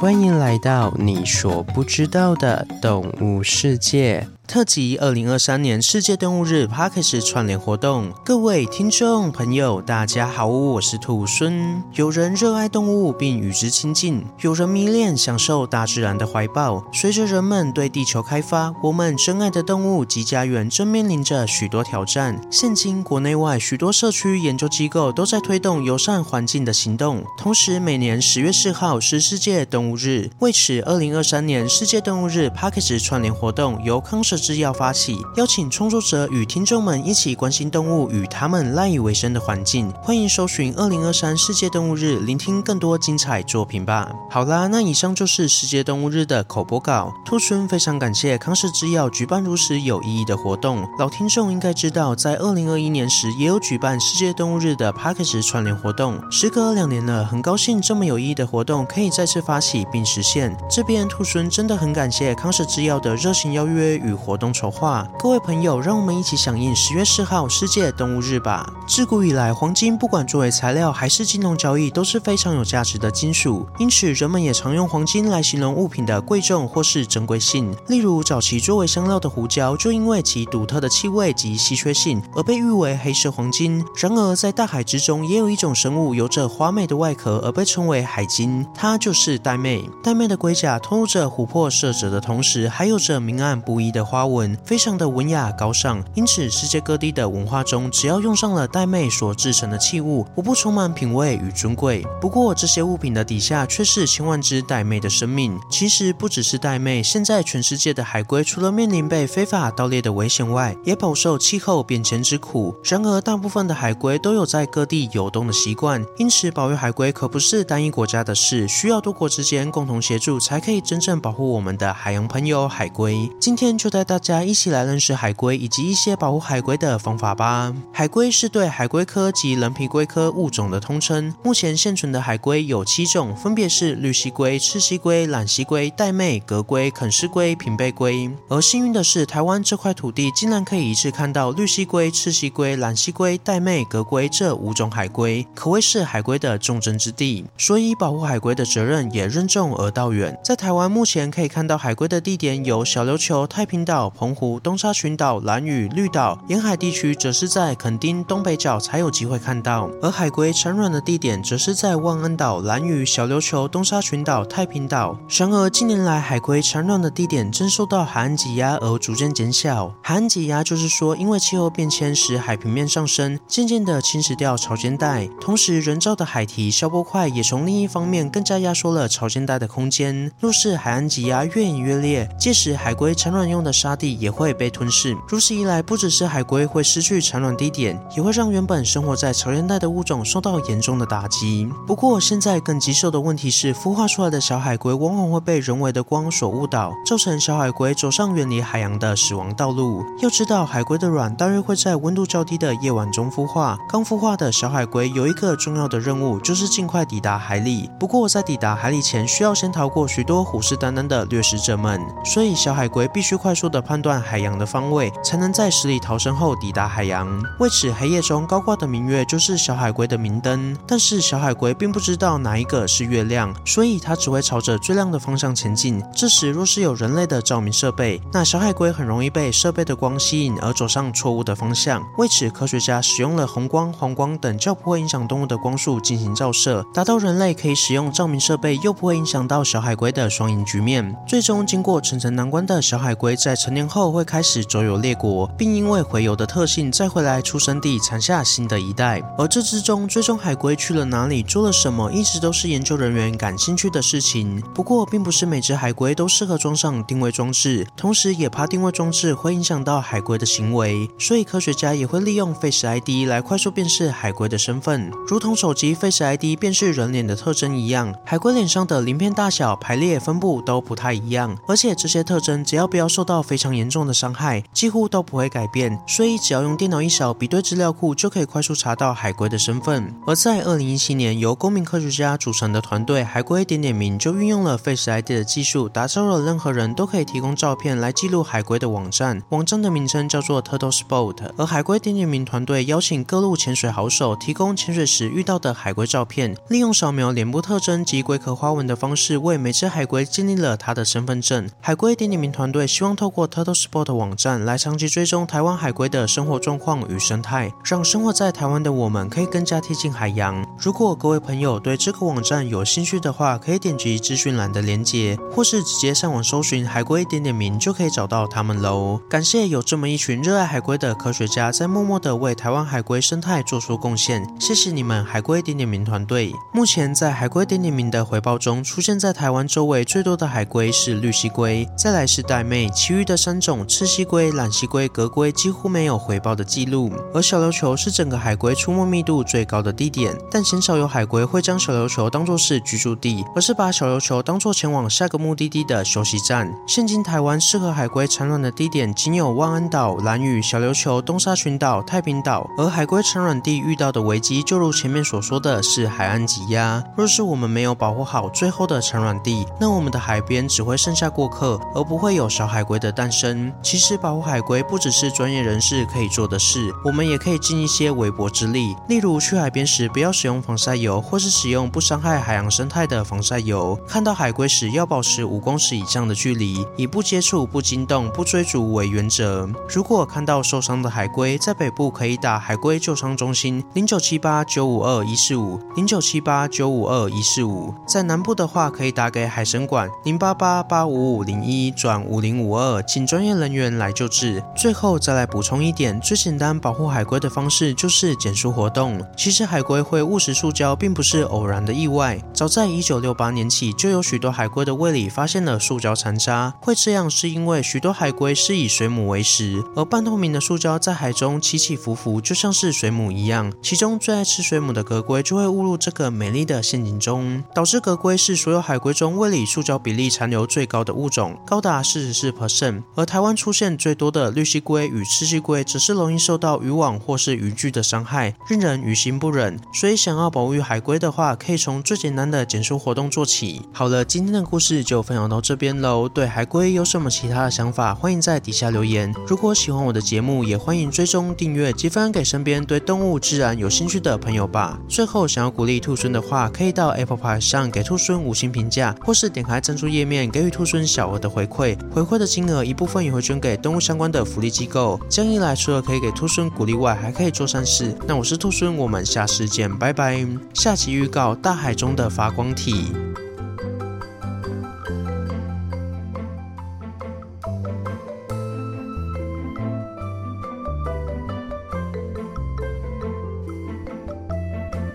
歡迎來到你所不知道的動物世界。特輯：二零二三年世界動物日 Podcast 串聯活動，各位聽眾朋友，大家好，我是兔猻。有人熱愛動物並與之親近，有人迷戀享受大自然的懷抱。隨着人們對地球開發，我們珍愛的動物及家園正面臨着許多挑戰。現今國內外許多社區研究機構都在推動友善環境的行動。同時，每年十月四號是世界動物日，為此，二零二三年世界動物日 Podcast 串聯活動由康 Sir。製藥發起，邀請創作者與聽眾們一起關心動物與它們賴以為生的環境，歡迎搜尋二零二三世界動物日，聆聽更多精彩作品吧。好啦，那以上就是世界動物日的口播稿。兔猻非常感謝康 Sir 製藥舉辦如此有意義的活動。老聽眾應該知道，在二零二一年時也有舉辦世界動物日的 Podcast 串聯活動，時隔兩年了，很高興這麼有意義的活動可以再次發起並實現。這邊兔猻真的很感謝康 Sir 製藥的熱情邀約與活動籌劃，各位朋友，讓我們一起響應十月四號世界動物日吧。自古以來，黃金不管作為材料還是金融交易都是非常有價值的金屬，因此人們也常用黃金來形容物品的貴重或是珍貴性。例如，早期作為香料的胡椒，就因為其獨特的氣味及稀缺性而被譽為“黑色黃金”。然而，在大海之中也有一種生物，有着華美的外殼而被稱為海金，它就是玳瑁。玳瑁的龜甲透露着琥珀色澤的同時，還有着明暗不一的花。花紋非常的文雅高尚，因此世界各地的文化中，只要用上了玳瑁所製成的器物，無不充滿品味與尊貴。不過，這些物品的底下卻是千萬隻玳瑁的生命。其實，不只是玳瑁。現在全世界的海龜，除了面臨被非法盜獵的危險外，也飽受氣候變遷之苦。然而，大部分的海龜都有在各地游動的習慣，因此保育海龜可不是單一國家的事，需要多國之間共同協助，才可以真正保護我們的海洋朋友海龜。今天就在，帶大家一起來認識海龜以及一些保護海龜的方法吧。海龜是對海龜科及稜皮龜科物種的通稱。目前現存的海龜有七種，分別是綠蠵龜、赤蠵龜、欖蠵龜、玳瑁、革龜、肯氏龜、平背龜。而幸運的是，台灣這塊土地竟然可以一次看到綠蠵龜、赤蠵龜、欖蠵龜、玳瑁、革龜這五種海龜，可謂是海龜的重鎮之地。所以，保護海龜的責任也任重而道遠。在台灣目前可以看到海龜的地點有小琉球、太平島、澎湖、東沙群島、蘭嶼、綠島沿海地區，則是在墾丁東北角才有機會看到；而海龜產卵的地點，則是在望安島、蘭嶼、小琉球、東沙群島、太平島。然而，近年來海龜產卵的地點正受到海岸擠壓而逐漸減小。海岸擠壓就是說，因為氣候變遷使海平面上升，漸漸的侵蝕掉潮間帶，同時人造的海堤消波塊也從另一方面更加壓縮了潮間帶的空間。若是海岸擠壓越演越烈，屆時海龜產卵用的，沙地也會被吞噬。如此一來，不只是海龜會失去產卵地點，也會讓原本生活在潮間帶的物種受到嚴重的打擊。不過，現在更棘手的問題是，孵化出來的小海龜往往會被人為的光所誤導，造成小海龜走上遠離海洋的死亡道路。要知道，海龜的卵大約會在溫度較低的夜晚中孵化。剛孵化的小海龜有一個重要的任務，就是盡快抵達海裡。不過，在抵達海裡前，需要先逃過許多虎視眈眈的掠食者們，所以小海龜必須快速，的判斷海洋的方位，才能在死裡逃生後抵達海洋。為此，黑夜中高掛的明月就是小海龜的明燈。但是，小海龜並不知道哪一個是月亮，所以它只會朝着最亮的方向前進。這時，若是有人類的照明設備，那小海龜很容易被設備的光吸引而走上錯誤的方向。為此，科學家使用了紅光、黃光等較不會影響動物的光束進行照射，達到人類可以使用照明設備又不會影響到小海龜的雙贏局面。最終，經過層層難關的小海龜在。成年後會開始周遊列國，並因為洄游的特性再回來出生地產下新的一代。而這之中，追蹤海龜去了哪裡，做了什麼，一直都是研究人員感興趣的事情。不過，並不是每只海龜都適合裝上定位裝置，同時也怕定位裝置會影響到海龜的行為，所以科學家也會利用 Face ID 來快速辨識海龜的身份，如同手機 Face ID 辨識人臉的特徵一樣，海龜臉上的鱗片大小、排列分布都不太一樣，而且這些特徵只要不要受到。非常嚴重的傷害幾乎都不會改變，所以只要用電腦一掃比對資料庫，就可以快速查到海龜的身份。而在二零一七年，由公民科學家組成的團隊海龜點點名，就運用了 Face ID 的技術，打造了任何人都可以提供照片來記錄海龜的網站。網站的名稱叫做 Turtle Spot。而海龜點點名團隊邀請各路潛水好手提供潛水時遇到的海龜照片，利用掃描臉部特徵及龜殼花紋的方式，為每只海龜建立了它的身份證。海龜點點名團隊希望透過 Turtle Spot 網站來長期追蹤台灣海龜的生活狀況與生態，讓生活在台灣的我們可以更加貼近海洋。如果各位朋友對這個網站有興趣的話，可以點擊資訊欄的鏈接，或是直接上網搜尋“海龜一點點名”就可以找到他們嘍。感謝有這麼一群熱愛海龜的科學家在默默地為台灣海龜生態做出貢獻，謝謝你們“海龜一點點名”團隊。目前在“海龜點點名”的回報中，出現在台灣周圍最多的海龜是綠蠵龜，再來是玳瑁，其餘。這三種赤蠵龜、欖蠵龜、革龜幾乎沒有回報的記錄，而小琉球是整個海龜出沒密度最高的地點，但鮮少有海龜會將小琉球當作是居住地，而是把小琉球當作前往下個目的地的休息站。現今台灣適合海龜產卵的地點僅有望安島、蘭嶼、小琉球、東沙群島、太平島，而海龜產卵地遇到的危機就如前面所說的是海岸擠壓。若是我們沒有保護好最後的產卵地，那我們的海邊只會剩下過客，而不會有小海龜的誕生其實保護海龜不只是專業人士可以做的事，我們也可以盡一些微薄之力。例如去海邊時不要使用防晒油，或是使用不傷害海洋生態的防晒油。看到海龜時要保持五公尺以上的距離，以不接觸、不驚動、不追逐為原則。如果看到受傷的海龜，在北部可以打海龜救傷中心零九七八九五二一四五零九七八九五二一四五，在南部的話可以打給海神館零八八八五五零一轉五零五二。請專業人員來救治。最後再來補充一點，最簡單保護海龜的方式就是減塑活動。其實海龜會誤食塑膠，並不是偶然的意外。早在一九六八年起，就有許多海龜的胃裡發現了塑膠殘渣。會這樣是因為許多海龜是以水母為食，而半透明的塑膠在海中起起伏伏，就像是水母一樣。其中最愛吃水母的革龜就會誤入這個美麗的陷阱中，導致革龜是所有海龜中胃裡塑膠比例殘留最高的物種，高達四十四%。而台灣出現最多的綠蠵龜與赤蠵龜，只是容易受到漁網或是漁具的傷害，令人於心不忍。所以想要保育海龜的話，可以從最簡單的撿拾活動做起。好了，今天的故事就分享到這邊嘍。對海龜有什麼其他的想法，歡迎在底下留言。如果喜歡我的節目，也歡迎追蹤訂閱，積分給身邊對動物自然有興趣的朋友吧。最後，想要鼓勵兔孫的話，可以到 Apple p i 上給兔孫五星評價，或是點開贊助頁面，給予兔孫小額的回饋，回饋的金額，一部分也會捐給動物相關的福利機構，這樣一來，除了可以給兔猻鼓勵外，還可以做善事。那我是兔猻，我們下次見，拜拜。下期預告：大海中的發光體。